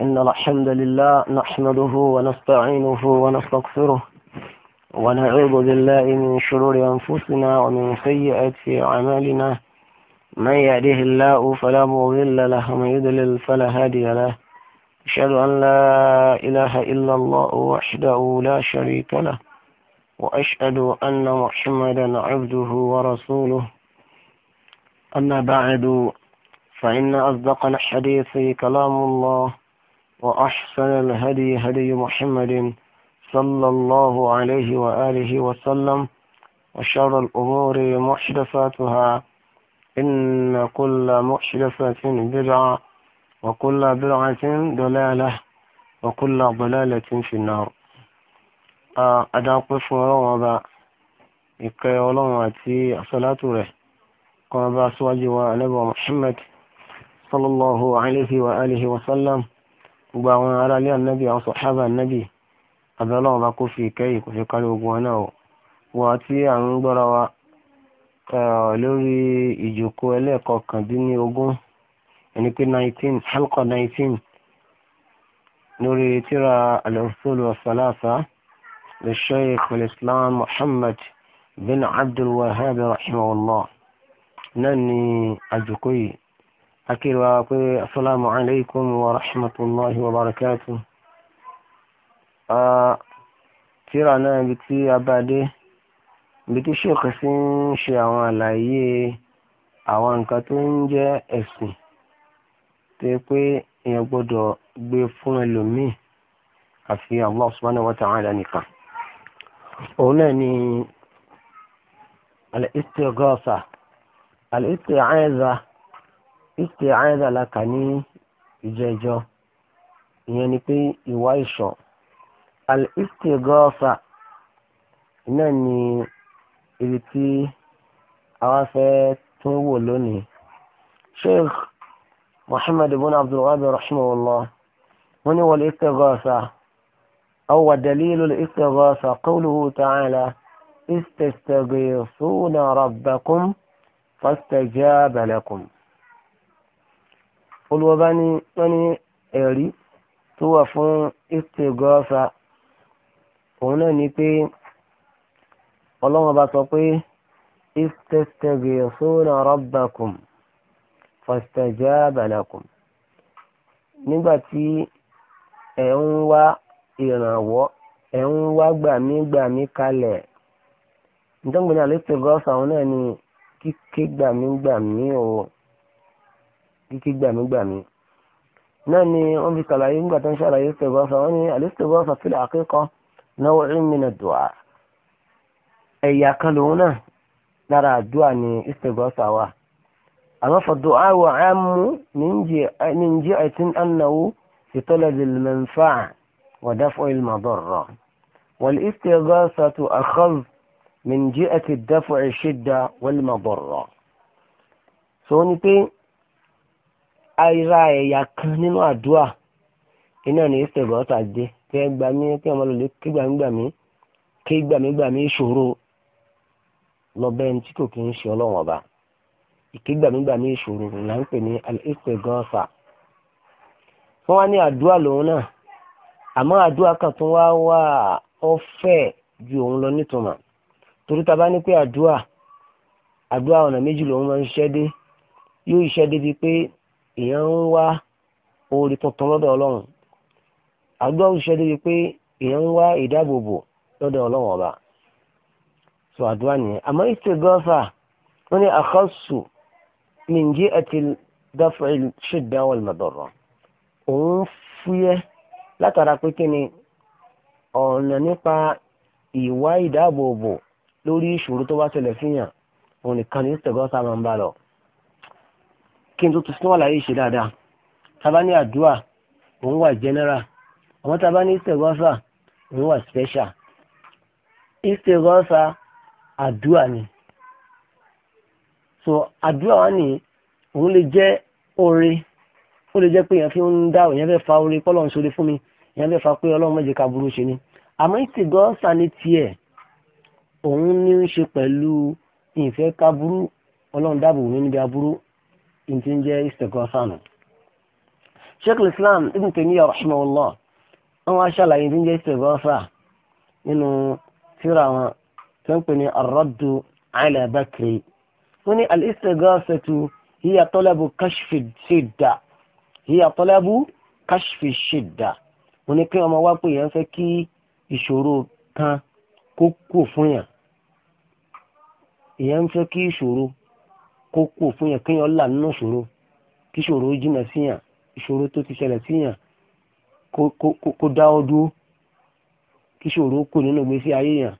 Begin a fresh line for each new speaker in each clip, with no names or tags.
إن الحمد لله نحمده ونستعينه ونستغفره ونعوذ بالله من شرور أنفسنا ومن سيئات في أعمالنا من يهده الله فلا مضل له ومن يضلل فلا هادي له أشهد أن لا إله إلا الله وحده لا شريك له وأشهد أن محمدا عبده ورسوله أما بعد فإن أصدق الحديث كلام الله وأحسن الهدي هدي محمد صلى الله عليه وآله وسلم وشر الأمور محدثاتها إن كل محدثة بدعة وكل بدعة ضلالة وكل ضلالة في النار أدعوك فورا وبا إكي ولواتي صلاة له قام بأسواجه محمد صلى الله عليه وآله وسلم gbogbo àwọn ará ilé ànábì àwọn sọ̀hábà ànábì àbí ọlọ́run bá kó fi ìkẹ́yìn kò fi kárí gbogbo wọn náà o wọ́n tí à ń gbọ́ra wa lórí ìjòkó ẹlẹ́ẹ̀kọkàndínlógún ẹni pé nineteen halqa nineteen lórí tíra al-usul lè shaykh al-islam muhammad bin abdul rahimahullah náà ni àjòkó yìí akiri wa pé asalaamu alaykum wa rahmatulahi wa barakatu. tíra náà ibi tí a bá dé ibi tí ṣèkà sí ń ṣe àwọn àlàyé àwọn nǹkan tó ń jẹ́ ẹ̀sìn tó yẹ pé èèyàn gbọ́dọ̀ gbé fún ẹlòmíì àfi Allah subhanahu wa ta'ala nìkan. òun náà ni al-istighatha al-isti'aza isti'aza la kà ní ìjẹ́jọ́ ìyẹn ni pé ìwà ìṣọ̀ al-istighatha náà ni ibi tí àwa fẹ́ tún wò lónìí sheikh muhammad ibn abdulwahab rahimahullah wọ́n ní wal istighatha aw wa dalilu al-istighatha qawluhu ta'ala istastaghithuna rabbakum fastajaba lakum olùwọ́ba ní wọ́n ní ẹ̀rí tó wà fún istigọ́fà òun náà ni pé ọlọ́wọ́n bá sọ pé istastaghithuna rabbakum fastajaba lakum nígbà tí ẹ̀ ń wá ìrànwọ́ ẹ̀ ń wá gbàmí gbàmí kalẹ̀ nítorí pé ní àlẹ́ istigọ́fà òun náà ni kíké gbàmí gbàmí o kíkí gbàmígbàmí náà ni wọ́n fi kàlàyé ńgbà tó ń ṣàlàyé ìsìtẹ̀gbọ́sà wọ́n ní àlìsìtẹ̀gbọ́sà fílẹ̀ àkẹ́kọ̀ọ́ náwó ìmìnà dùà ẹ̀yà kan lòun náà lára àdúà ní ìsìtẹ̀gbọ́sà wa àwọn fọ̀dọ̀ àwọ̀ àmú ní ń jẹ́ ẹ̀tín ànáwó ìtọ́lẹ̀ lèmẹ̀fà wọ̀dáfọ́ ìlmọ̀dọ̀rọ̀ wàlìsìtẹ̀gbọ́sà tó àkọ́l من جهة الدفع الشدة والمضرة سوني ara ẹ̀yà kan nínú àdúrà iná ní ìsẹ̀gọ́ta dé kẹ́ gbà mí kẹ́ ọmọ lòlẹ́ kí gbà mí gbà mí kí gbà mí gbà mí ìṣòro lọ́bẹ̀ ní tí kò kí ń ṣe ọlọ́run ọba ìkégbàmígbà ní ìṣòro là ń pè ní al-istighatha wọ́n wá ní àdúrà lòun náà àmọ́ àdúrà kan tó wá wà ọ̀fẹ́ ju òun lọ nítumọ̀ torí ta bá ní pé àdúrà àdúrà ọ̀nà méjì lòun máa ń ṣiṣẹ́ dé yóò ṣiṣẹ́ débi pé èèyàn ń wá oore tuntun lọ́dọ̀ ọlọ́run àdúrà òṣìṣẹ́ débi pé èèyàn ń wá ìdáàbòbò lọ́dọ̀ ọlọ́run ọba sọ àdúrà nìyẹn àmọ́ ìsìgọ́fà wọ́n ní àkọ́sù mìǹjì àti dáfẹ́ ṣèdá wal òun fúyẹ́ látara pé kí ni ọ̀nà nípa ìwá ìdáàbòbò lórí ìṣòro tó bá ṣẹlẹ̀ fihàn òun nìkan ní ìsìgọ́fà máa ń bá lọ kí n tó tún wà láyé ṣe dáadáa tábà ní àdúrà òun wà general àwọn tábà ní ìsègọ́sà òun wà special ìsègọ́sà àdúrà ni so àdúrà wa ni òun lè jẹ́ oore ó lè jẹ́ pé èèyàn fi ń dá èèyàn fẹ́ fa oore pọ́lọ́ ń ṣoore fún mi èèyàn fẹ́ fa pé ọlọ́run mẹ́jẹ burú ṣe ni àmọ́ ìsègọ́sà ní tiẹ̀ òun ní í ṣe pẹ̀lú ìfẹ́ ká burú ọlọ́run dáàbò wò níbi aburú ntí ń jẹ́ istighosanu. sheikh islam ibn taymiya rahimahullah àwọn aṣàlàyé ntí ń jẹ́ istighosa nínú tírà wọn tó ń pè ní ar-raddu ala bakri wọ́n ní al-istighosatu hiya talabu kashfi shidda hiya talabu kashfi shidda wọ́n ní kí wá pé yẹn fẹ́ kí ìṣòro kan kó kù fún yàn ìyẹn ń kí ìṣòro kó kú fún yẹn kéèyàn là nínú ìṣòro kí ìṣòro jìnnà síyàn ìṣòro tó ti ṣẹlẹ̀ síyàn kó dá ọ dúró kí ìṣòro kù nínú ìgbésí ayé yàn.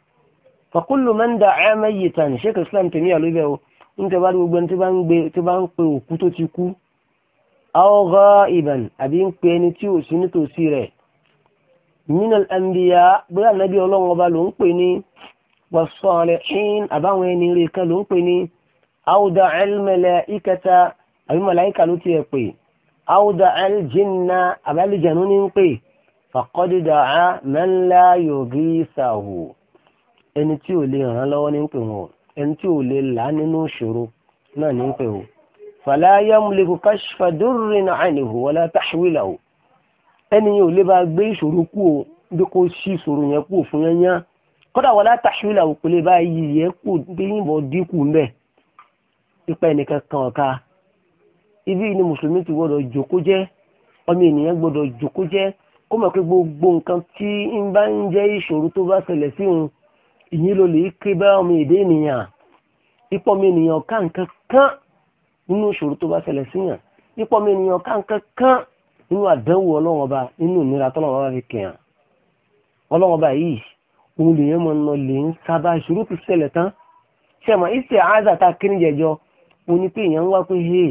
fàkúlù máa ń da ẹ̀ẹ́mẹ́ yìí tàn sheikh islam tèmi àlóbẹ̀ o ń tẹ́ bá rí gbogbo ẹni tó bá ń gbé tó bá ń pe òkú tó ti kú. àwọ̀gá ìbàn àbí ń pe ẹni tí ò sí nítòsí rẹ̀ minal anbiya bóyá nàbí ọlọ́run ọba ló ń pè ní wàsọ̀rẹ̀ ṣín ẹni rẹ̀ kan ló ń pè ní àwùdà ẹlmẹlẹ ìkẹta àbí màláìkà ló tiẹ̀ pè àwùdà ẹljìnnà àbálìjànú ní ń pè fàkọ́dídà á mẹ́ńlá yòógì sàwò ẹni tí ò lè ràn lọ́wọ́ ní ń pè wọ́n ẹni tí ò lè là nínú ìṣòro náà ní ń pè wọ́n. fàlà yamliku kashfa durrin anhu wala tahwilahu ẹni yóò lè bá gbé ìṣòro kú o bí kò sí ìṣòro yẹn kú fún yẹn kódà wala tahwilahu kò lè bá yí yẹ kú bí yìnbọn dínkù mbẹ́ẹ̀ ipa ẹnìkan kan ọ̀ka ibi ni mùsùlùmí ti gbọdọ̀ jòkó jẹ́ ọmọ ènìyàn gbọdọ̀ jòkó jẹ́ kó mọ̀ pé gbogbo nǹkan tí ń bá ń jẹ́ ìṣòro tó bá ṣẹlẹ̀ sí òun ìyín ló lè ké bá ọmọ èdè ènìyàn ipò ọmọ ènìyàn ká nǹkan kan nínú ìṣòro tó bá ṣẹlẹ̀ sí yàn ipò ọmọ ènìyàn ká nǹkan kan nínú àdánwò ọlọ́wọ́n ọba nínú ìnira tọ́lọ́wọ́n ọba fi kẹ̀yàn ọlọ́wọ́n mo ní pé èèyàn ń wá pé he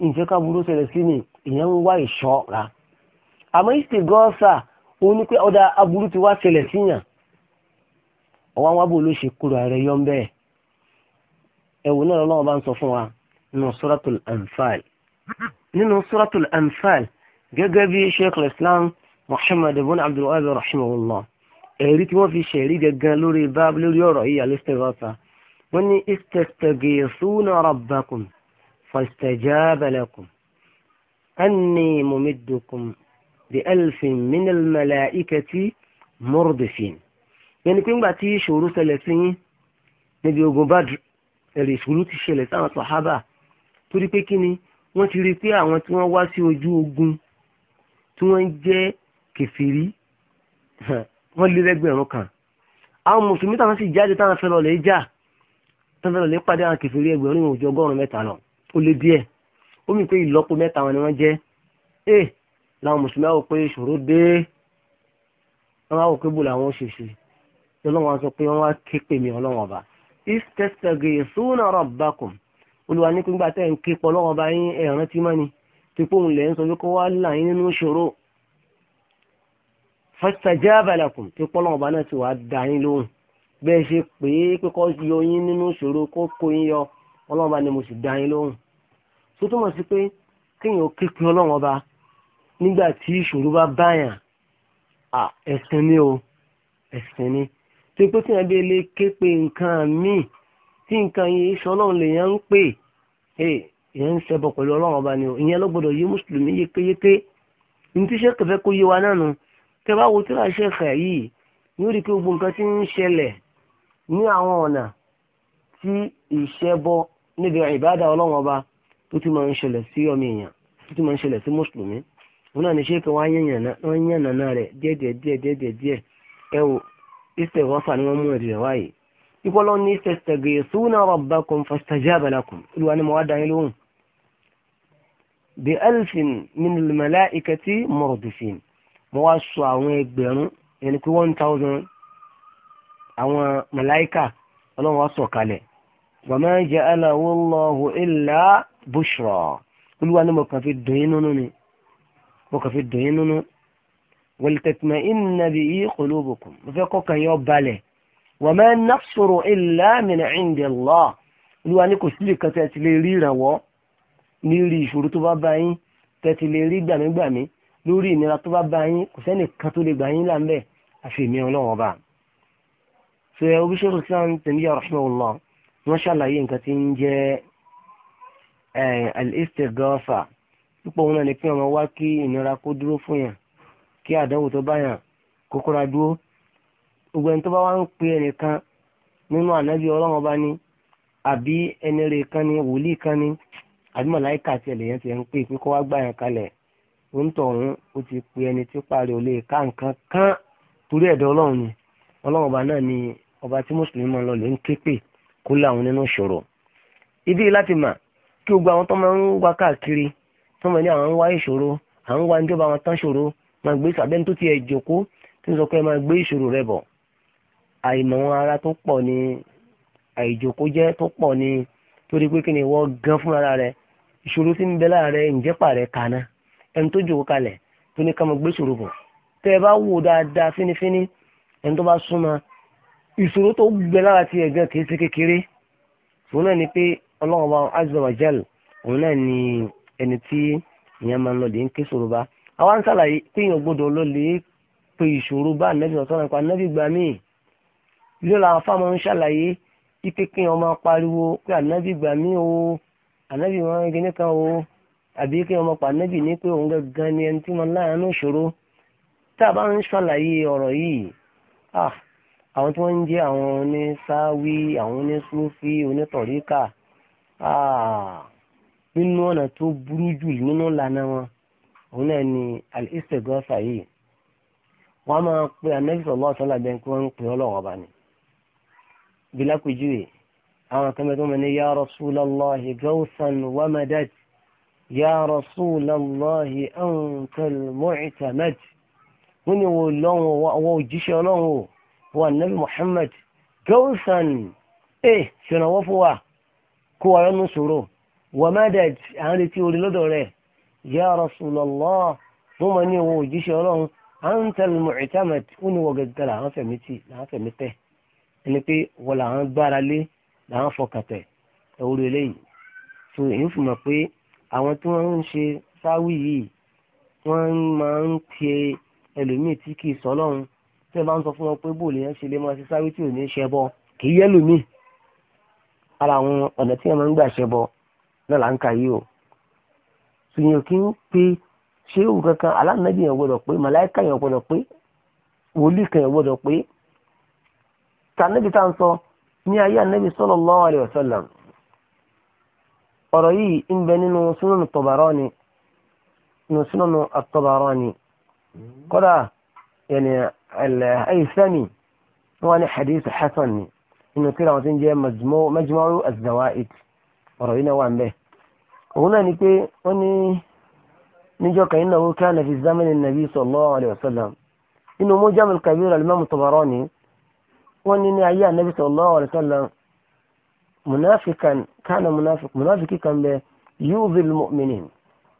ìfẹ́ ká burú ṣẹlẹ̀ sí mi èèyàn ń wá ìṣọ́ra àmọ́ ìsìtì gọ́ọ̀sà ó ní pé ọ̀dà aburú ti wá ṣẹlẹ̀ síyàn ọwọ́ àwọn abò ló ṣe kúrò ààrẹ yọ bẹ́ẹ̀ ẹ̀wò náà lọ́wọ́ bá ń sọ fún wa nínú suratul anfal nínú suratul anfal gẹ́gẹ́ bí sheikh islam muhammad ibn abdul rahimahullah ẹ̀rí tí wọ́n fi ṣẹ̀rí gẹ́gẹ́ lórí báàbù lórí ọ̀rọ̀ yìí alẹ́ wọ́n ní istastaghithuna rabbakum fastajaba lakum anni mumiddukum bi alfin min almalaikati murdifin yẹn ni pé ńgbà tí ìṣòro ṣẹlẹ̀ sí yín níbi ogun Badr ẹ̀rì ìṣòro ti ṣẹlẹ̀ sáwọn sàhábà torí pé kí ni wọ́n ti rí pé àwọn tí wọ́n wá sí ojú ogun tí wọ́n ń jẹ́ kẹfìrí wọ́n lé lẹ́gbẹ̀rún kan àwọn mùsùlùmí táwọn sì jáde táwọn fẹ́ lọ lè jà tọ́lọ́lọ́ lè pàdé àwọn kẹfìrí ẹgbẹ̀rún òjò ọgọ́rùn-ún mẹ́ta lọ ó lé díẹ̀ ó mì pé ìlọ́po mẹ́ta wọn ni wọ́n jẹ́ ẹ làwọn mùsùlùmí àwọn pé ìṣòro dé wọn wá wò pé bò làwọn ṣèṣe lọ́wọ́n wọn sọ pé wọ́n wá ké pè mí ọlọ́wọ́n ọba istastaghithuna rabbakum olùwà ní pínpá tẹ́ ń ké pọ̀ ọlọ́wọ́n ọba yín ẹ̀rán bẹ́ẹ̀ ṣe pé pé kó yọ yín nínú ìṣòro kó kó yín yọ ọlọ́run bá ni mo sì dá yín lóhùn tó túmọ̀ sí pé kéèyàn képe ọlọ́run ọba nígbà tí ìṣòro bá báyàn ẹ̀sìn ni o ẹ̀sìn ni tó pé tíyẹn bí ilé képe nǹkan míì tí nǹkan yìí sọ ọlọ́run lèèyàn ń pè èèyàn ń ṣẹbọ pẹ̀lú ọlọ́run ọba ni o ìyẹn ló gbọdọ̀ yé mùsùlùmí yékéyéké ní tí kó yé wa náà nu tẹ bá wo tíra sẹ́kẹ̀ yìí ní rí i pé gbogbo nǹkan ti ń ṣẹlẹ̀ ní àwọn ọ̀nà tí ìṣẹ́bọ níbi ìbádà ọlọ́run ọba tó ti máa ń ṣẹlẹ̀ sí ọmọ èèyàn tó ti máa ń ṣẹlẹ̀ sí mùsùlùmí wọn náà ní ṣé kí wọ́n yàn nàná rẹ̀ díẹ̀díẹ̀díẹ̀díẹ̀ ẹ wò ìṣèwọ́fà ni wọ́n mú ẹ̀rí rẹ̀ wáyé ìpọ́lọ́ ní tastaghithuna rabbakum fastajaba lakum ìlú wa ni mo wá dání lóhùn bí alfin min malaikati murdifin mo wá sọ àwọn ẹgbẹ̀rún yẹn ni pé one thousand àwọn màláìkà ọlọ́run wa sọ̀kalẹ̀ wa ma ja'alahu Allahu illa bushra olúwa ni mo kàn fi dùn yín nínú ni mo kàn fi dùn yín nínú wal tatma'inna bihi qulubukum mo fẹ́ kọ́kàn yín ó balẹ̀ wa ma an-nasru illa min 'indi Allah olúwa ni kò sí lè kan tẹ́ ti lè rí ìrànwọ́ ní rí ìṣòro tó bá bá yín tẹ́ ti lè rí gbàmígbàmí lórí ìnira tó bá bá yín kò sẹ́nìkan tó lè gbà yín là àfi èmi ọlọ́run ọba so ẹ obi ṣẹ́kù islam tẹ̀míyà rahimahullah wọ́n ṣàlàyé nǹkan tí ń jẹ́ al-istighatha púpọ̀ wọn náà ni pé ọmọ wá kí ìnira kó dúró fún yàn kí àdánwò tó bá yàn kókóra dúró gbogbo ẹni tó bá wá ń pe ẹnìkan nínú ànábì ọlọ́run ọba ni àbí ẹni rè kan ni wòlíì kan ni àbí màláìka àti ẹlẹ́yìn ti ń pè pé kó wá gbà yàn kalẹ̀ òǹtọ̀hún ó ti pe ẹni tí parí ò lè ká nǹkan kan torí ẹ̀dọ̀ ọlọ́run ni ọlọ́run ọba náà ni ọba tí mùsùlùmí máa ń lọ lè ń ké pè kó láwọn nínú ìṣòro ibi láti mà kí gbogbo àwọn tó máa ń wá káàkiri tó máa ní àwọn ń wá ìṣòro à ń wá níjọba àwọn tán ṣòro máa gbé sàbẹ́ni tó ti ẹ̀ jòkó tó ń sọ pé máa gbé ìṣòro rẹ bọ̀ àìmọ̀ ara tó pọ̀ ni àìjòkó jẹ́ tó pọ̀ ni torí pé kí ni wọ́n gan fúnra rẹ ìṣòro tí ń bẹ láàrẹ ìjẹ́pà rẹ kaná ẹni tó jòkó kalẹ̀ tó ní ká máa gbé ìṣòro bọ̀ tẹ́ ẹ bá wò dáadáa fínífíní ẹni tó bá súnmọ́ ìṣòro tó gbẹ lára ti ẹ̀gán kìí ṣe kékeré òun náà ni pé ọlọ́run ọba azza wa òun náà ni ẹni tí ìyẹn máa ń lọ lè ń ké ṣòro bá àwa ń ṣàlàyé pé èèyàn gbọdọ̀ lọ lè pe ìṣòro bá ànábì ọ̀sán nípa ànábì gbà míì ló la afá máa ń ṣàlàyé ipe kí wọn máa pariwo pé ànábì gbà míì o ànábì wọn ń gẹ́gẹ́ kan o àbí kí wọn máa pa ànábì ní pé òun gangan ni ẹni tí wọn láàánú ìṣòro tá a ah àwọn tí wọ́n ń jẹ́ àwọn onísáwí àwọn onísúfí onítọ̀ríkà ah, nínú ọ̀nà tó burú jù nínú ìlànà wọn òun náà ni al-istighatha yìí wọ́n máa pe anabi sallallahu alaihi wasallam bẹ́ẹ̀ kí wọ́n ń pè ọ́ lọ́wọ́ bá ní. bilakujuwe àwọn kan bẹ́ẹ̀ tó mọ̀ ní ya rasulallahi gawsan wa ya rasulallahi ankal mu'tamad wọ́n ní wo lọ́wọ́ wọ́n òjíṣẹ́ ọlọ́run o wa nabi muhammad gausan eh ṣèrànwọ́ fún wa kó wa yọnu sòrò wa madad à ń retí orí lọ́dọ̀ rẹ̀ ya rasulallah wọ́n mọ̀ ní ìwọ̀n òjíṣẹ́ ọlọ́run à ń tẹ̀lé mu'tamad ó ní wọ́n gẹ̀gẹ́ là ń fẹ̀mí tì là ń fẹ̀mí tẹ̀ ẹni pé wọ́n là gbára lé là ń fọkàn tẹ̀ ẹ̀wúrò èyí fi mọ̀ pé àwọn tí wọ́n ń ṣe sáwì yìí wọ́n máa ń pe ẹlòmíì tí kì í sọ ọlọ́run tí ẹ bá ń sọ fún wọn pé bóòlù yẹn ṣe lè máa ṣe sáré tí ò ní ṣe bọ kì í yẹ lómi ara àwọn ọ̀nà tí ẹ máa ń gbà ṣe bọ náà là ń kà yìí o sùnyìn kí ń pe ṣéwù kankan alánàbì yẹn gbọdọ̀ pé màláìka yẹn gbọdọ̀ pé wòlíì kan yẹn gbọdọ̀ pé tànàbì tá à ń sọ ní ayé ànàbì sallallahu alaihi wasallam ọ̀rọ̀ yìí ń bẹ nínú súnánù Tabarani nínú súnánù at-Tabarani kódà yẹn al-Haythami wọ́n ní hadith hasan ni inú kíra wọn ti ń jẹ́ majmu'u az-zawaid ọ̀rọ̀ yìí náà wà ń bẹ̀. òun náà ni pé wọ́n ní níjọ́ kan innahu kana fi zamani nabi sallallahu alayhi wa sallam inú mujam al-kabir al-imam Tabarani wọ́n ní ní ayé anabi sallallahu alayhi wa sallam munafikan kana munafik munafiki kan bẹ yu'dhi al-mu'minin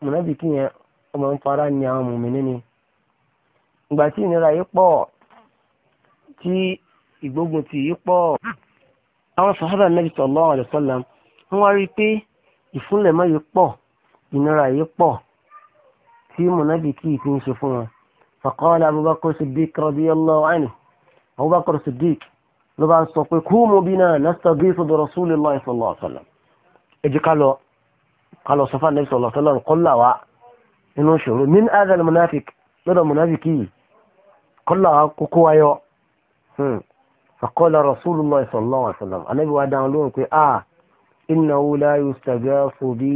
munafiki yẹn ọmọ nfara ni àwọn mu'minin ni ìgbà tí ìnira yìí pọ̀ tí ìgbógun tì yìí pọ̀ àwọn sàhábà Nábì sallallahu alaihi wasallam wọ́n wá rí i pé ìfúnlẹ̀mọ́ yìí pọ̀ ìnira yìí pọ̀ tí mùnàbíkì fi ń ṣe fún wọn. faqala abubakar siddiq radiyallahu anhu abubakar siddiq ló bá ń sọ pé kumu bina nastaghiithu bi rasulillahi sallallahu alaihi wasallam ẹ jẹ́ ká lọ ká lọ sọ fún Nábì sallallahu alaihi wasallam kó inú ìṣòro min adal munafik lọ́dọ̀ mùnàbíkì yìí kọ́lá kókó ayọ́ hmm. fàkọ́lá rasulullah sallallahu alaihi wasallam anábì wa dáhùn lóhùn pé a ah, inna wu la yustajafu bi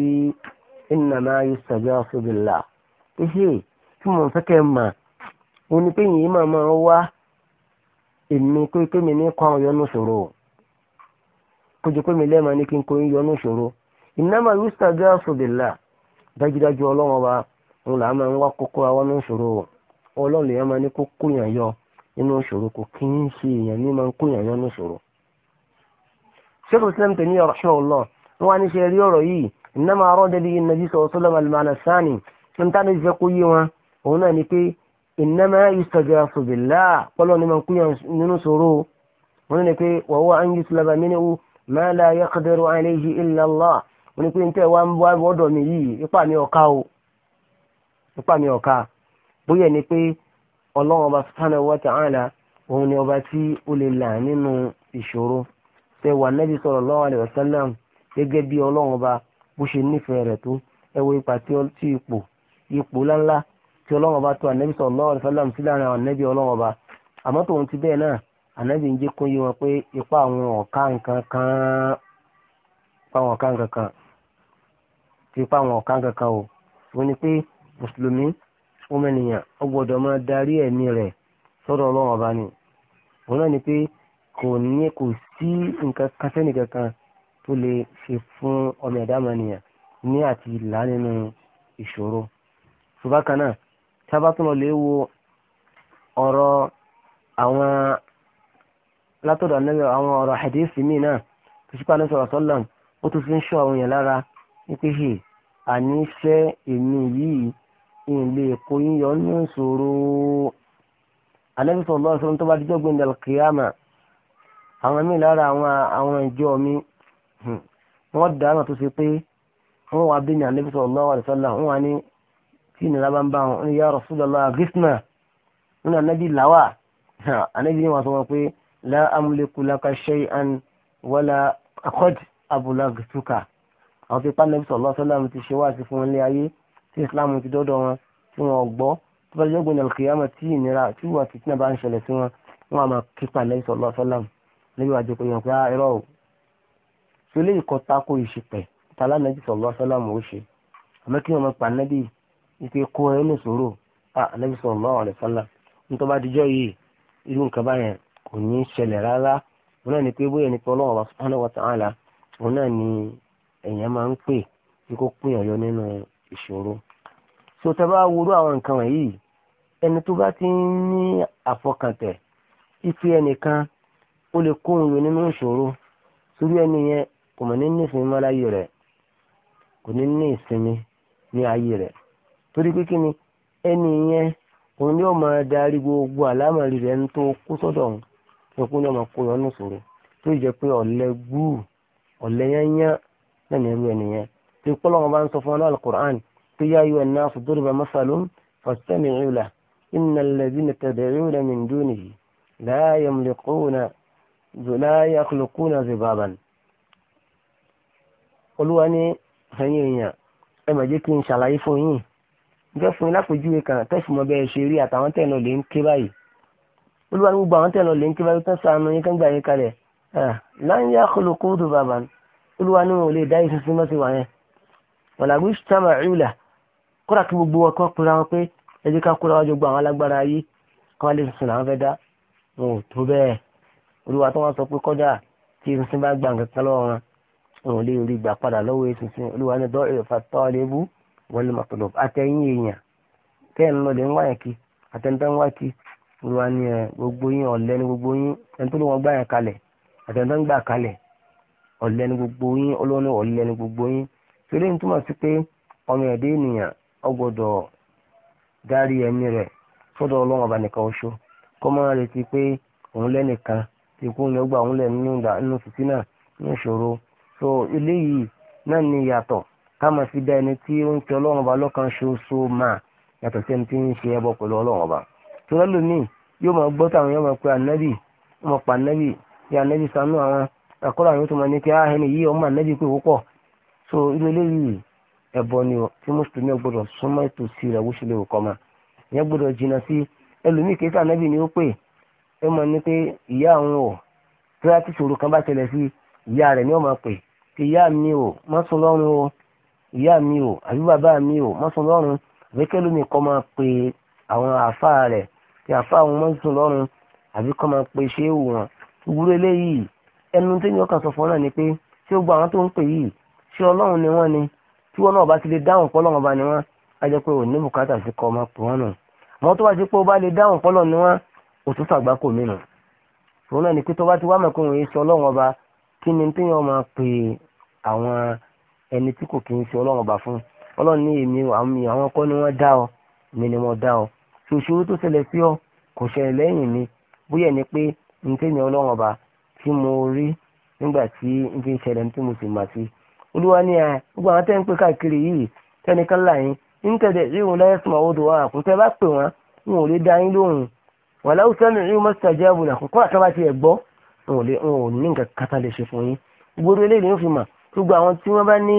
inna ma yustajafu billah ehe tí mo fẹ́ kẹ́ mà wọ́n ní pé yìí máa máa wá èmi pé pé mi ní kọ́ àwọn yọnu ṣòro kójú pé mi lẹ́ẹ̀ma ní kí n kó ń yọnu ṣòro innama yustajafu billah dájúdájú ọlọ́wọ́n wa ń là máa ń wá kókó àwọn ṣòro ọlọ́run lèèyàn máa ní kó kóyàn yọ nínú ìṣòro kò kí ń ṣe èèyàn ní máa ń kóyàn yọ nínú ìṣòro. sheikh islam tẹ̀ ní ọ̀rọ̀ ṣọ́ ọlọ́ wọn wá ní ṣe rí ọ̀rọ̀ yìí innama arada bihi an-nabi sallallahu alaihi wasallam al-ma'na ath-thani ní ìfẹ́ kó yé wọn òun náà ni pé innama yustajabu billah pọ́lọ́ ni máa ń kóyàn nínú ìṣòro wọn ní pé wa huwa ń bọ́ ọ̀dọ̀ mi bóyá ni pé ọlọ́run ọba subhanahu wa ta'ala òun ni ọba tí ó lè là nínú ìṣòro ṣe wà nẹ́bí sallallahu alaihi wasallam gẹ́gẹ́ bí ọlọ́run ọba bó ṣe nífẹ̀ẹ́ rẹ̀ tó ẹ wo ipa tí ipò ipò láńlá tí ọlọ́run ọba tó ànẹ́bí sallallahu alaihi wasallam sí láàrin àwọn ànẹ́bí ọlọ́run ọba àmọ́ tòun ti bẹ́ẹ̀ náà ànẹ́bí ń jẹ́ kó yé wọn pé ipa àwọn ọ̀ka nǹkan kan fáwọn ọ̀ka nǹkan kan ti fáwọn ọ̀ka nǹkan kan o wọ́n ni pé mùsùlùmí ọmọnìyàn ó gbọ́dọ̀ máa darí ẹ̀mí rẹ̀ sọ́dọ̀ ọlọ́run ọba ni òun náà ni pé kò ní kò sí nǹkan kan kankan tó lè ṣe fún ọmọ ẹ̀dá ọmọnìyàn ní àti ìlà nínú ìṣòro ṣùgbọ́n kan náà tí lè wo ọ̀rọ̀ àwọn látọ̀dọ̀ anábẹ́ àwọn ọ̀rọ̀ àdéhùn náà tó ní sọ̀rọ̀ ó tún ìlè kó yíyọ ní ìṣòro Ànábì sallallahu alaihi wasallam tó bá dijọ́ gbẹ̀ndẹ̀ kìámà àwọn míì lára àwọn àwọn ìjọ mi hmm, wọ́n dáná tó ṣe pé wọ́n wá bí ní Ànábì sallallahu alaihi wọ́n wá ní tí ìnira bá ń bá wọn ya Rasulullah gísínà nínú Ànábì làwà Ànábì ni wọ́n sọ wọn pé la amliku laka shay'an wala qad abulagtuka àwọn tí pàṣẹ Ànábì sallallahu alaihi tí islam ti dọ́dọ̀ wọn tí wọn gbọ́ tó bá jẹ́ gbọ́dọ̀ kìyàmọ̀ tí ìnira tí wọn ti tìǹbà ń ṣẹlẹ̀ sí wọn wọn àmà kípa lẹ́yìn sọ̀lọ́ sọ́lám lẹ́yìn wájú pé yàn pé á irọ́ o ṣe lè kọ́ tako ìṣìpẹ̀ tàlá nàbì sọ̀lọ́ sọ́lám ó ṣe àmọ́ kí wọn máa pa nàbì ipe kó ẹ ní sòrò nàbì sọ̀lọ́ ọ̀rẹ́ sọ́lám nítorí bá dijọ́ yìí irú nǹkan báyẹn kò ní í ṣẹlẹ̀ rárá òun náà ni pé bóyá ni pé ọlọ́run subhanahu wa ta'ala òun náà ni èèyàn máa ń pè kí kó pè ọ̀yọ́ nínú ìṣòro so tẹ bá worú àwọn nǹkan wọ̀nyí ẹni tó bá ti ń ní àfọkàntẹ̀ ife ẹnìkan ó lè kó òun yọ nínú ìṣòro sórí ẹni yẹn kò mọ̀ ní ní ìsinmi mọ́ láyé rẹ̀ kò ní ní ìsinmi ní ayé rẹ̀ torí pé kí ni ẹni yẹn òun ni ó máa darí gbogbo àlámọ̀rí rẹ̀ ń tó kó sọ́dọ̀ òun tó kó ní ọmọ kó yọ nínú ìṣòro tó jẹ́ pé ọ̀lẹ gbúù ọ̀lẹ yányán náà ní ẹrú ẹni yẹn tó kọ́ bá ń sọ fún ọ náà al pé yá yóò ẹ̀ náà fòdúró bá mọ́sálù fọ́sítẹ́mì ìrìlà iná lẹ́bí ní tẹ̀dẹ̀rẹ́ ìrìlà mi dùn nìyí láàyè mùlẹ̀kùnà láàyè kùlùkùnà zibaban. olúwa ní ẹ̀yin èèyàn ẹ mà jẹ́ kí n ṣàlàyé fún yín bẹ́ẹ̀ fún yín lápèjúwe kan tẹ́sí mọ́ bẹ́ẹ̀ ṣe rí àtàwọn tẹ̀ náà lè ń ké báyìí olúwa ní gbogbo àwọn tẹ̀ náà lè ń ké báyìí tán sànù yín kán gbà yín kalẹ̀ láyé kùlùkùnà zibaban olúwa ní wọn ò lè dá ìsinsin mọ́ sí wàyẹn wàlàgbé ṣàmà ìrìlà kódà kí gbogbo wọn kọ́ pera wọn pé ẹ jẹ́ ká kóra wọn jogbo àwọn alágbára ayé káwọn lè sùn làwọn fẹ́ dá wọn ò tó bẹ́ẹ̀ olúwa tó wọn sọ pé kọjá tí ìsinsin bá gbà nǹkan kan lọ́wọ́ wọn wọn ò lè rí gbà padà lọ́wọ́ ìsinsin olúwa ní dọ́ èrò fatọ́ lébú wọn lè mọ̀tò lọ́pọ̀ àtẹ̀yìn èèyàn kẹ́hìn lọ́lẹ̀ ń wáyà kí àtẹ̀ntẹ́ ń wá kí olúwa ní gbogbo yín ọ̀lẹ ní gbogbo yín ẹni tó ló wọn gbà kalẹ̀ àtẹ̀ntẹ́ ń gbà kalẹ̀ ọ̀lẹ ní gbogbo yín olóhùn ọ̀lẹ ní gbogbo yín torí túmọ̀ sí pé ọmọ ẹ̀dẹ́ ènìyàn ọgbọ́dọ̀ darí ẹ̀mí rẹ̀ sọ́dọ̀ ọlọ́run ọba nìkan oṣù kọ́ máa retí pé òun lẹ́nìkan ti kú ní ọgbà òun lẹ̀ nínú so eléyìí náà ní yàtọ̀ káma fi dá ẹni tí ó ń tẹ ọba lọ́kàn ṣoṣo máa yàtọ̀ sí ẹni tí ń ṣe ẹbọ pẹ̀lú ọlọ́run ọba tó yóò máa gbọ́ táwọn yóò máa pe máa pa ànábì bí ànábì sanú àwọn àkọ́rọ̀ àwọn tó máa ní kí á ah, ẹni yìí ọmọ pé púpọ̀ so eléyìí ẹbọ ni o tí mùsùlùmí gbọ́dọ̀ súnmọ́ ìtòsí rẹ̀ wó ṣẹlẹ̀ òkọ ma ìyẹn gbọ́dọ̀ jìnnà sí ẹlòmíì kí sá anábì ni ó pè é mọ ní pé ìyá òun o tí wọ́n ti ṣòro kan bá ṣẹlẹ̀ sí ìyá rẹ̀ ni ó máa pè pé ìyá mi o má sùn lọ́rùn o ìyá mi o àbí bàbá mi o má sùn lọ́rùn àbí kẹlòmíì kọ́ máa pè àwọn àfa rẹ̀ pé àfa òun má sùn lọ́rùn àbí kọ́ máa pè ṣé òun ìwúrò eléyìí ẹnu tí ni ó kàn sọ fún ọ náà ni pé ṣé gbogbo àwọn tó ń pè yìí ṣé ọlọ́run ni wọ́n ni tí wọn náà bá ti lè dáhùn pọ́lọ́ wọn bá ní wọn á jẹ́ pé òní bùkátà sí kọ́ ọmọ pọ̀ wọn nù tó bá ti pé ó bá lè dáhùn pọ́lọ́ ni wọn ò tún sàgbá kò mí nù òun náà ni pé tó bá ti wá mọ̀ pé òun yìí sọ ọlọ́run ọba kí ni tí yẹn máa pè àwọn ẹni tí kò kí ń ṣe ọlọ́run ọba fún ọlọ́run ní èmi àwọn kọ́ ni wọ́n dá ọ mi ni mo dá ọ ṣòṣòro tó ṣẹlẹ̀ sí ọ kò ṣẹlẹ̀ lẹ́yìn mi bóyá ni pé n tí ọlọ́run ọba tí mo rí nígbà tí n ti ń ṣẹlẹ̀ tí mo sì mà sí i olúwa ní ẹ gbogbo àwọn tẹ́ ń pè káàkiri yìí tẹnìkan là yín ń tẹ̀dẹ̀ ríhun lẹ́sìn ọ̀dọ̀ wa àkùntẹ́ bá pè wọ́n wọn ò lè dá yín lóhùn wà láwùjọ mi ríhun mọ́sítà jẹ́ àbùnà kókó àtọ́ bá tiẹ̀ gbọ́ wọn ò ní nǹkan kata lè ṣe fún yín gbogbo eléyìí ń fi mà gbogbo àwọn tí wọ́n bá ní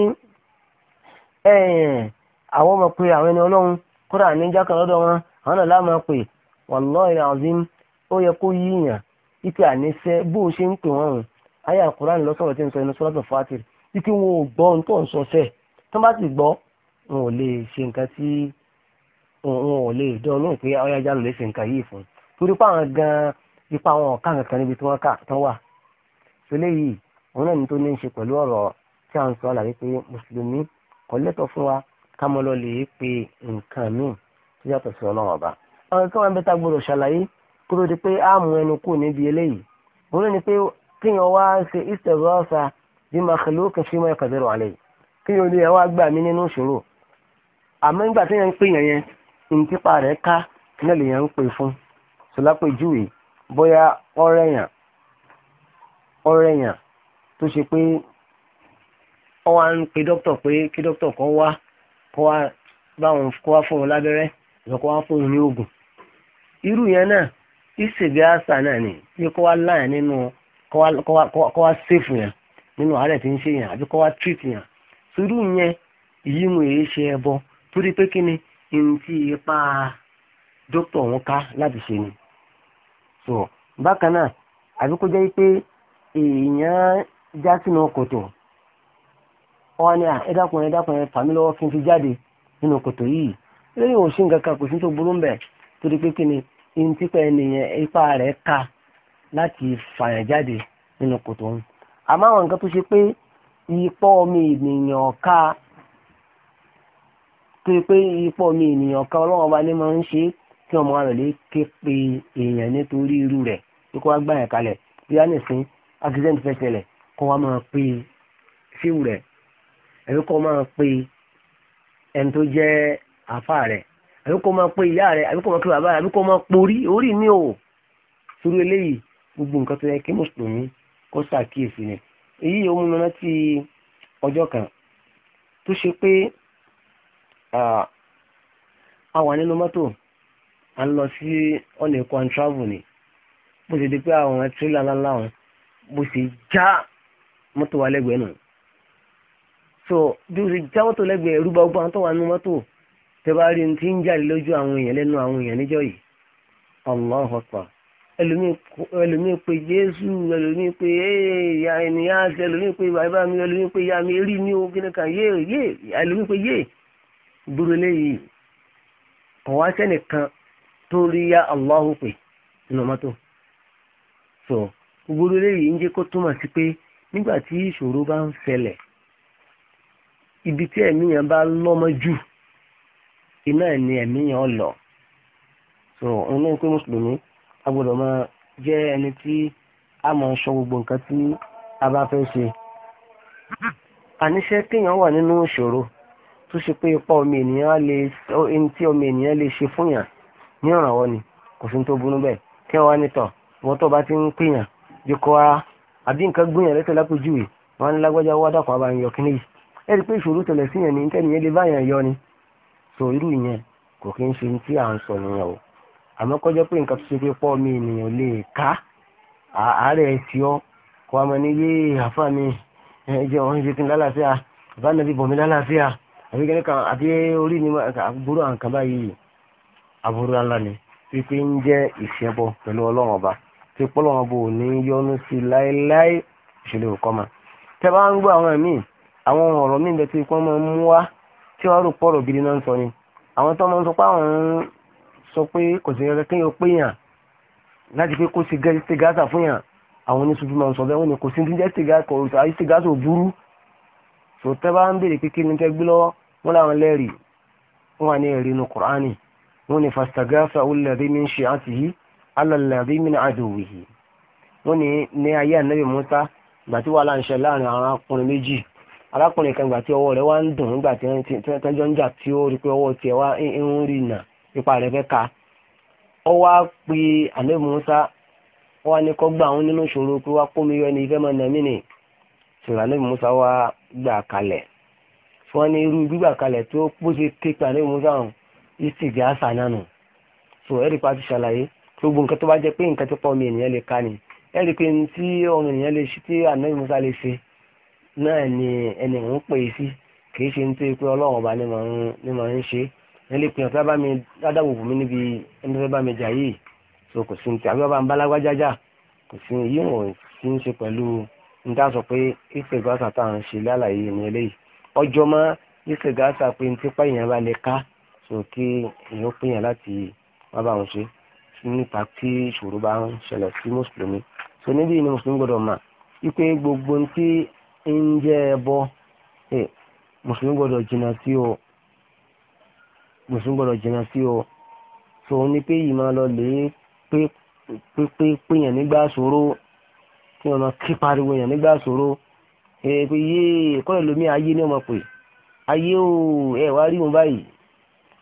àwọn ọmọ pé àwọn ẹni ọlọ́run kódà ní jákàn lọ́dọ̀ wọn àwọn náà láàmú pé wallahi alazim ó yẹ kó yíyàn ipe àníṣe bó o ṣe ń pè tí kí wọn ò gbọ́ ohun tó ń sọ sẹ́ẹ̀ tó bá ti gbọ́ wọn ò lè ṣe nǹkan tí wọn ò lè dán lóhùn pé ọyá ajá ló lè ṣe nǹkan yìí fún torí pé àwọn gan ipa àwọn ọ̀ka kankan níbi tí wọ́n kà tán wà ṣẹlẹ̀ yìí òun náà ní tó ní í ṣe pẹ̀lú ọ̀rọ̀ tí à ń sọ àlàyé pé mùsùlùmí kò lẹ́tọ̀ fún wa ká mọ́ lọ lè pe nǹkan míì tó yàtọ̀ sí ọlọ́run ọba àwọn kí wọ́n bẹ tá gbọdọ̀ ṣàlàyé kó di pé á ẹnu kù níbi eléyìí òun náà ni pé kéèyàn wá ṣe ìṣẹ̀rọ̀ ọ̀sà bí makhluqin fima yaqdiru alayhi kí ni olùyẹ wá gbà mí nínú ìṣòro àmọ́ nígbà tí yẹn ń pè yẹn yẹn ìǹtípa rẹ̀ ká náà lè yẹn ń pè fún sọlápẹ̀júwe bóyá ọ̀rẹ́ yàn ọ̀rẹ́ yàn tó ṣe pé ọ wá ń pe dókítà pé kí dókítà kan wá kó wá báwọn kó wá fún un lábẹ́rẹ́ ìjọkọ́ wá fún un ní oògùn irú yẹn náà ìṣègbè àṣà náà ni bí kó wá láyà nínú kó wá séèfù yẹn nínú àárẹ̀ tí ń ṣe yàn àbí kọ́ wá treat yàn sùúrù yẹn èyí mo èé ṣe ẹbọ ti ipa dókítà òun ká láti ṣe ni so bákan náà àbí kó jẹ́ pé èèyàn já sínú kòtò ọwọ́ ni ẹ dákun ẹ dákun ẹ fàmí lọ́wọ́ kí n fi jáde nínú kòtò yìí lẹ́yìn òṣì ipa rẹ̀ ká láti fàyàn jáde nínú àmọ́ àwọn nǹkan tó ṣe pé ipò ọmọ ènìyàn ká tó ṣe pé ipò ọmọ ènìyàn ká ọlọ́wọ́n ọba ní máa ń ṣe kí ọmọ rẹ̀ lè ké pe èèyàn nítorí irú rẹ̀ tó kó wá gbà yẹn kalẹ̀ bí wọ́n á nìsín accident fẹ́ ṣẹlẹ̀ kó wá máa pe fíìmù rẹ̀ ẹ̀rí kó máa pe ẹni tó jẹ́ àfa rẹ̀ ẹ̀rí kó máa pe ìyá rẹ̀ ẹ̀rí kó máa pe bàbá rẹ̀ ẹ̀rí kó máa porí orí mi ò sórí eléyìí gbogbo nǹkan tó yẹ kí mùsùlùmí kó ṣàkíyèsí ni èyí ò múná ti ọjọ́ kan tó ṣe pé a wà nínú mọ́tò a ń lọ sí ọ̀nà ẹ̀kọ́ and travel ni bó ṣe di pé àwọn tírélà ńláńlá wọn bó ṣe já mọ́tò wa lẹ́gbẹ̀ẹ́ nù so bí o ṣe já mọ́tò lẹ́gbẹ̀ẹ́ ẹ̀rú bá gbogbo àwọn tó wà nínú mọ́tò tẹ bá rí ní ti ń jáde lójú àwọn èèyàn lẹ́nu àwọn èèyàn níjọ́ yìí Allahu Akbar ẹlòmíì pé jésù ẹlòmíì pé ìyá ènìyàn àti ẹlòmíì pé bàbá mi ẹlòmíì pé ìyá mi rí ní ogin kan yé yé ẹlòmíì pé yé dúró léyìí ọ̀wá sẹ́nìkan tó rí yá Allahu pé nínú mọ́tò so gbogbo léyìí ń jẹ́ kó túmọ̀ sí pé nígbà tí ìṣòro bá ń ṣẹlẹ̀ ibi tí ẹ̀mí yẹn bá lọ́mọ jù iná ẹ̀ ni ẹ̀mí yẹn ọ̀ lọ so òun náà ń pé mùsùlùmí a gbọ́dọ̀ máa jẹ́ ẹni tí a máa sọ gbogbo nǹkan tí a bá fẹ́ ṣe. àníṣe kéèyàn wà nínú ìṣòro tó ṣe pé ipa ọmọ ènìyàn lè ẹni tí ọmọ ènìyàn lè ṣe fún yàn ní ìrànwọ́ ni kò sí tó burú bẹ́ẹ̀ kí wọ́n wá nítọ̀ wọ́n tó bá ti ń pèèyàn jẹ́ kó a àbí nǹkan gbìyàn lẹ́tọ̀ lápèjúwe wọn ní lágbájá wọ́n dàpọ̀ àbá yọ kí nìyí ẹ rí i pé ìṣòro tẹ̀lẹ̀ sí yàn ní tẹ́niyẹn lè bá yàn yọ ni sọ irú ìyẹn kò kí ń ṣe tí à ń sọ nìyẹn o àmọ́ kọjọ́ pé nǹkan tó ṣe pé pọ́ mi ènìyàn lè ká àárẹ̀ tí ó kọ́ ọmọ ní yé àfa mi ẹjọ́ wọn ṣe kí n lálàáfíà bá nàbí bọ̀ mí lálàáfíà àbí kẹ́ni kan àbí orí mi àbúrò àǹkan báyìí àbúrò ńlá ni pípé ń jẹ́ ìṣẹ́bọ pẹ̀lú ọlọ́run ọba tí pọ́lọ́run ọba ò ní yọnu sí láéláé ìṣẹ̀lẹ̀ òkọ́ ma tẹ́ bá ń gbọ́ àwọn míì àwọn ọ̀rọ̀ míì bẹ́ẹ̀ tí wọ́n máa ń mú wá tí wọ́n rò pọ̀rọ̀ gidi náà ń sọ ni àwọn tó máa ń sọ pé àwọn sọ pé kò sí ẹrẹ kéèyàn pé yàn láti pé kó sì gẹ́ stigata fún yàn àwọn oníṣòfin máa ń sọ bẹ́ẹ̀ wọ́n ní kò sí jẹ́ stigata kò sí stigata ò burú sọ tẹ́ bá ń béèrè pé kí ni tẹ́ gbé lọ́wọ́ wọ́n làwọn lẹ́rìí wọ́n wà ní ẹ̀rí inú kùránì wọ́n ní fastagafa alladhi min shi'atihi ala alladhi min aduwihi wọ́n ní ní ayé ànábì Musa ìgbà tí wàhálà ń ṣe láàrin arákùnrin méjì arákùnrin kan ìgbà tí ọwọ́ rẹ̀ wá ń dùn nígbà tí wọ́n ń jà tí ó rí pé ọwọ́ tiẹ̀ wá ń rí ipa rẹ̀ fẹ́ ka ọ wá pe àlẹ́ musa wá ní kọ́ gbà àwọn nínú ìṣòro pé wá kó mi yọ ẹni ìfẹ́ mọ́ nàmí nì sọ̀rọ̀ àlẹ́ musa wá gbà kalẹ̀ tí wọ́n ní irú gbígbà kalẹ̀ tó pósè képe àlẹ́ musa hàn ìsìgì àṣà náà nù so ẹ̀rí pa ti ṣàlàyé gbogbo nǹkan tó bá jẹ́ pé nǹkan tó pọ̀ ọmọ ènìyàn lè ka ni ẹ̀rí pé ní tí ọmọ ènìyàn lè ṣe tí àlẹ́ musa lè ṣe náà ni ẹni òun pè é sí kì í ṣe ní tó yẹ pé ọlọ́run ọba ni màá ń ṣe é ẹni pè ọ̀fẹ́ bá mi ládàbò fún mi níbi ẹni fẹ́ bá mi jà yìí so kò sí ní ti àbí ọba ń bá lágbájájà kò sí ní yíwọ̀n sí ń ṣe pẹ̀lú ní tá a sọ pé ìpè gáàsà tá à ń ṣe lálàyé ní eléyìí ọjọ́ mọ́ ìpè gáàsà pé ní tipa èèyàn bá lè ká so kí èèyàn pè yàn láti má bá wọn ṣe nípa tí ìṣòro bá ń ṣẹlẹ̀ sí mùsùlùmí so níbí ni mùsùlùmí gbọdọ̀ mà wípé gbogbo tí ń jẹ́ ẹbọ eh, mùsùlùmí gbọdọ̀ jìnnà sí o mùsùlùmí gbọ́dọ̀ jìnnà sí o so ó ní pé yìí máa lọ lè pé pé pé péyàn nígbà ṣòro kí wọn máa kí pariwo yàn nígbà ṣòro ẹ pé yéé kọ́lẹ̀ lómi ayé ni wọ́n máa pè ayé o ẹ wá rí wọn báyìí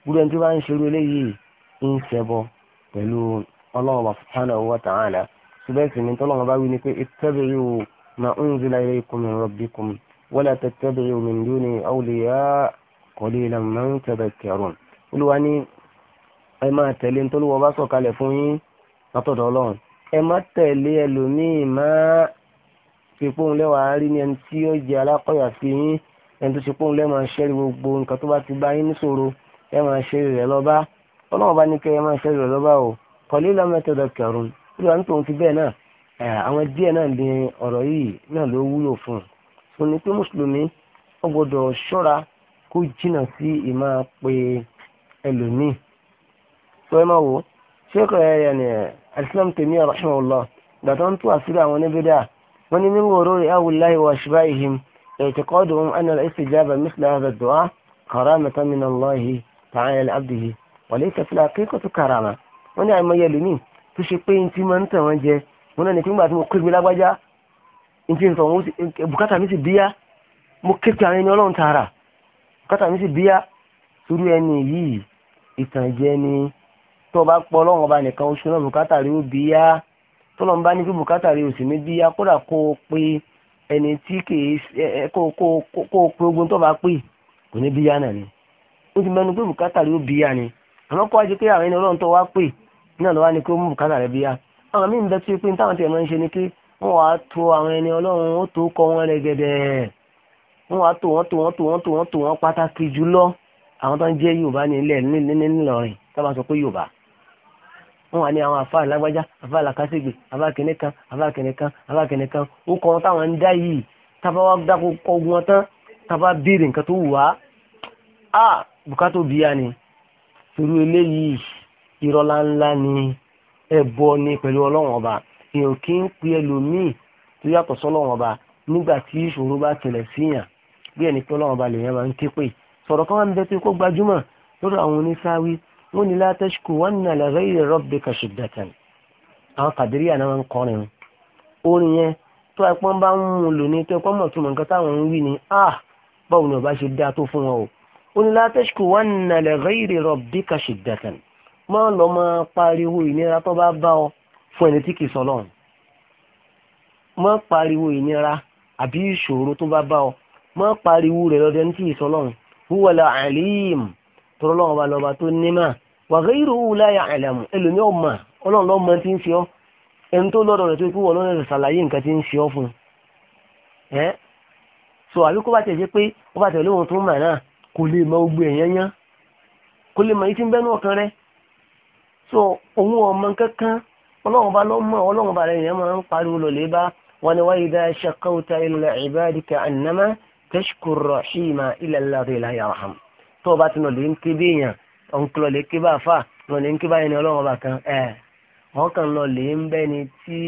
gbúdọ̀ tí wọ́n bá ń ṣerú eléyìí ń ṣẹbọ pẹ̀lú ọlọ́run subhanahu wa ta'ala ṣùgbọ́n ìsinmi tọ́lọ́run bá wí ni pé ittabi'u ma unzila ilaykum min rabbikum wala tattabi'u min duni awliya qalilan man tadhakkarun olúwa ní ẹ máa tẹ̀lé ní tolúwa bá sọ̀kalẹ̀ fún yín látọ̀dọ̀ ọlọ́run ẹ má tẹ̀lé ẹlòmíì má fipó ń lẹ́wàá rí ní ẹni tí ó jẹ́ alákọ̀yà sí yín ẹni tó ṣepó ń lẹ́ máa ṣẹ́rí gbogbo nǹkan tó bá ti bá yín níṣòro ẹ máa ṣẹ́rí rẹ̀ lọ́ba ọlọ́run bá ní kẹ́ ẹ máa ṣẹ́rí rẹ̀ lọ́ba o kọ̀lé lọ́mẹ́tẹ̀dọ̀ kẹrùn olúwa ní tòun ti bẹ́ẹ̀ náà àwọn díẹ̀ náà ní ọ̀rọ̀ yìí náà ló wúlò fún un òní pé mùsùlùmí ó ṣọ́ra kó jìnnà sí ìmáa pe ẹlòmíì tó ẹ máa wò ó sheikh yani alislam tèmíyà rahimahullah gbàtọ́ ń tú àṣírí àwọn oníbídà wọ́n ní mímú òróró awùláhi wa ṣùbáyìhìm اعتقادهم أن الاستجابة مثل هذا الدعاء كرامة من الله تعالى لعبده وليس في الحقيقة كرامة wọ́n ní àìmọye ẹlòmíì tó ṣe pé ntí máa ń tàn wọ́n jẹ wọn náà ní kí n gbà tí mo kó ìgbé lágbájá ntí n sọ wọn bùkátà mi sì bíyá mo képe àwọn ẹni irú ẹni yìí ìtànjẹ ni tó bá pọ̀ ọlọ́run ọba nìkan oṣù náà bùkátà rí ó bí yá tọ́lọ́run bá ní kí bùkátà rí òsì ní bí yá kódà kó o pé ẹni tí kìí kó o pé ogun tó bá pè kò ní bí yá náà ni ó ti mẹ́nu pé bùkátà rí ó bí yá ni àmọ́ kó wájú pé àwọn ẹni ọlọ́run tó wá pè náà lọ́wọ́ ni kó mú bùkátà rẹ̀ bí yá àwọn míì ń bẹ tí pé táwọn tiẹ̀ máa ń ṣe ni pé wọ́n wàá to àwọn ẹni ọlọ́run ó tó kọ wọn rẹ̀ gẹ̀dẹ̀ wọ́n wàá to wọ́n to wọ́n to wọ́n to wọ́n pàtàkì jùlọ àwọn tó ń jẹ́ yorùbá nílẹ̀ nílọrin tó bá sọ pé yorùbá wọn wà ní àwọn afá alágbájá afá alákásígbè afá kìnìkan afá kìnìkan afá kìnìkan ó kọ́ wọn táwọn ń dá yìí tábà wá dáko kọ́ ogun wọn tán tábà béèrè nǹkan tó wù wá á bùkátà òbí ya ni irú eléyìí irọ́ láńlá ni ẹbọ ni pẹ̀lú ọlọ́run ọba èèyàn kì í pe ẹlòmíì tó yàtọ̀ sọ́lọ́run ọba nígbà tí ìṣòro bá tẹ̀lẹ̀ síyàn bí ẹni pé ọlọ́run ọba lèèyàn máa ń ké pè é sọ̀rọ̀ kan wà ń bẹ tí kò gbajúmọ̀ lọ́dọ̀ àwọn onísáwí wọ́n ní látẹ́sùkù wọ́n ní àlàyé ìrọ́bì kàṣùdàtàn àwọn kàdíríà náà ń kọrin orin yẹn tó ẹpọ́n bá ń mú lò ní tó ẹpọ́n mọ̀ tó mọ̀ nǹkan táwọn ń wí ni ah báwo ni ọba ṣe dáa tó fún wọn o wọ́n ní látẹ́sùkù wọ́n ní àlàyé ìrọ́bì kàṣùdàtàn máa lọ máa pariwo ìnira tó bá bá ọ fún ẹni tí kì í sọ lọ́run pariwo ìnira àbí ìṣòro huwala alim tọrọ lọ́wọ́ bá lọ́ba tó nímà wa ghayruhu la ya'lamu ẹlòmí ọ̀ma ọlọ́run lọ́mọ ti ń ṣe ọ́ ẹni tó lọ́dọ̀ rẹ̀ tó kú ọlọ́run rẹ̀ ṣàlàyé nǹkan ti ń ṣe ọ́ fún un ẹ́ so àbí kó bá tẹ̀ ṣe pé ó bá tẹ̀lé ohun tó mà náà kò lè mọ gbogbo ẹ̀yán kò lè mọ èyí ń bẹ́nu ọkàn rẹ̀ so òun ọmọ kankan ọlọ́run bá lọ́mọ ọlọ́run bá rẹ̀ yẹn máa ń pariwo lọ bá wọn ni wáyé dá ṣakawta ila tẹ́síkù rọ̀ṣìmà ilẹ̀ ńláde ìlàyà ọ̀hán tó o bá ti nà lè ń ké bí èèyàn ònkìlọ̀ lè ké bá a fà nà lè ń ké bá yẹn ní ọlọ́run ọba kan ẹ̀ wọ́n kàn lọ lè ń bẹ́ni tí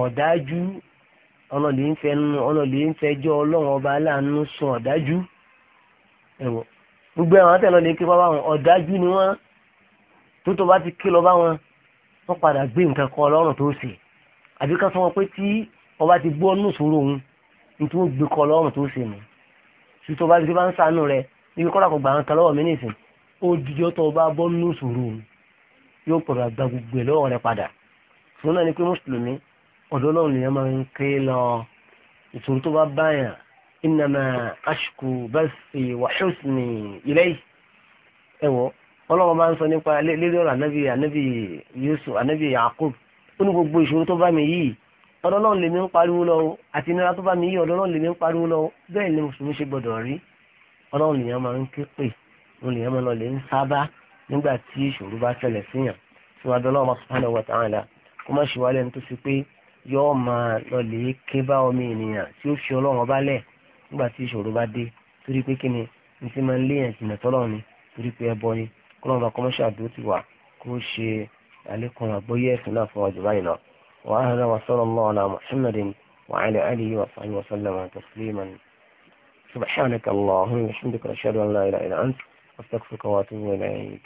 ọ̀dájú ọ̀nà lè ń fẹ́ nu ọ̀nà lè ń fẹjọ́ ọlọ́run ọba aláàánú sun ọ̀dájú ẹ̀wọ̀ gbogbo àwọn tẹ̀lé lè ké bá wọn ọ̀dájú ni wọ́n tó tó bá ti ké lọ bá wọn wọ́n padà gbé nǹkan kan ọlọ́run tó ṣe àbíká sọ wọn pé tí ọba ti gbọ́ nù sòrò òun nítorí wọ́n gbé kọ́ lọ́rùn tó ṣe nù tí tó bá ti bá ń sànù rẹ níbi kọ́lá kò gbà ń kan lọ́wọ́ mi nìsín ó dijọ́ tó bá bọ́ nínú sòrò yóò pọ̀rọ̀ àgbà gbogbo ẹ̀ lọ́wọ́ rẹ padà fún náà ni pé mùsùlùmí ọ̀dọ́ ọlọ́run nìyẹn máa ń ké lọ ìṣòro tó bá báyàn innama ashku bathi wa husni ilayhi ẹ̀wọ̀ ọlọ́run máa ń sọ nípa lérí ọ̀rọ̀ ànábì Yusuf ànábì Yakub ó ní gbogbo ìṣòro tó bá mi yìí ọlọ́run lèmi ń pariwo lọ́wọ́ àti ìnira tó bá mi yí ọlọ́run lèmi ń pariwo lọ́wọ́ bẹ́ẹ̀ ni mùsùlùmí ṣe gbọ́dọ̀ rí ọlọ́run lèyàn máa ń ké pè òun lèyàn máa lọ lè ń sábà nígbà tí ìṣòro bá ṣẹlẹ̀ síyàn síwájú ọlọ́run subhanahu wa ta'ala kó má tó ṣe pé lọ lè ké bá fi ọlọ́run ọba lẹ̀ ti ń ni وأهلا وصلى الله على محمد وعلى آله وصحبه وسلم تسليما سبحانك اللهم وبحمدك أشهد أن لا إله إلا أنت أستغفرك وأتوب إليك